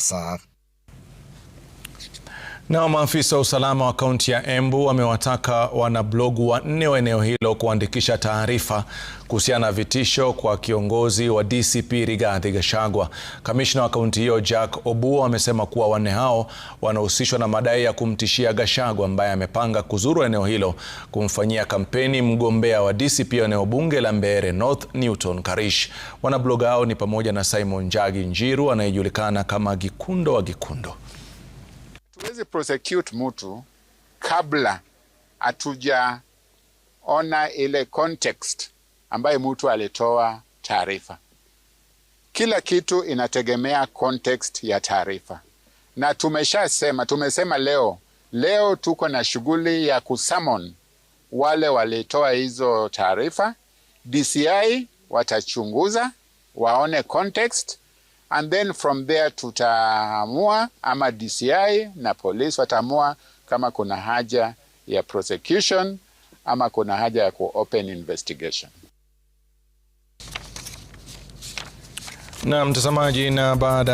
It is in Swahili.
side Nao maafisa wa usalama wa kaunti ya Embu wamewataka wanablogu wanne wa eneo hilo kuandikisha taarifa kuhusiana na vitisho kwa kiongozi wa DCP Rigathi Gachagua. Kamishna wa kaunti hiyo Jack Obuo amesema kuwa wanne hao wanahusishwa na madai ya kumtishia Gachagua ambaye amepanga kuzuru eneo hilo kumfanyia kampeni mgombea wa DCP eneo bunge la Mbeere North Newton Karish. Wanablogu hao ni pamoja na Simon Njagi Njiru anayejulikana kama Gikundo wa Gikundo hatuwezi prosecute mtu kabla hatujaona ile context ambayo mtu alitoa taarifa. Kila kitu inategemea context ya taarifa, na tumeshasema, tumesema leo leo tuko na shughuli ya kusummon wale walitoa hizo taarifa. DCI watachunguza waone context and then from there tutaamua ama DCI na polisi wataamua kama kuna haja ya prosecution ama kuna haja ya kuopen open investigation. Na mtazamaji, na baada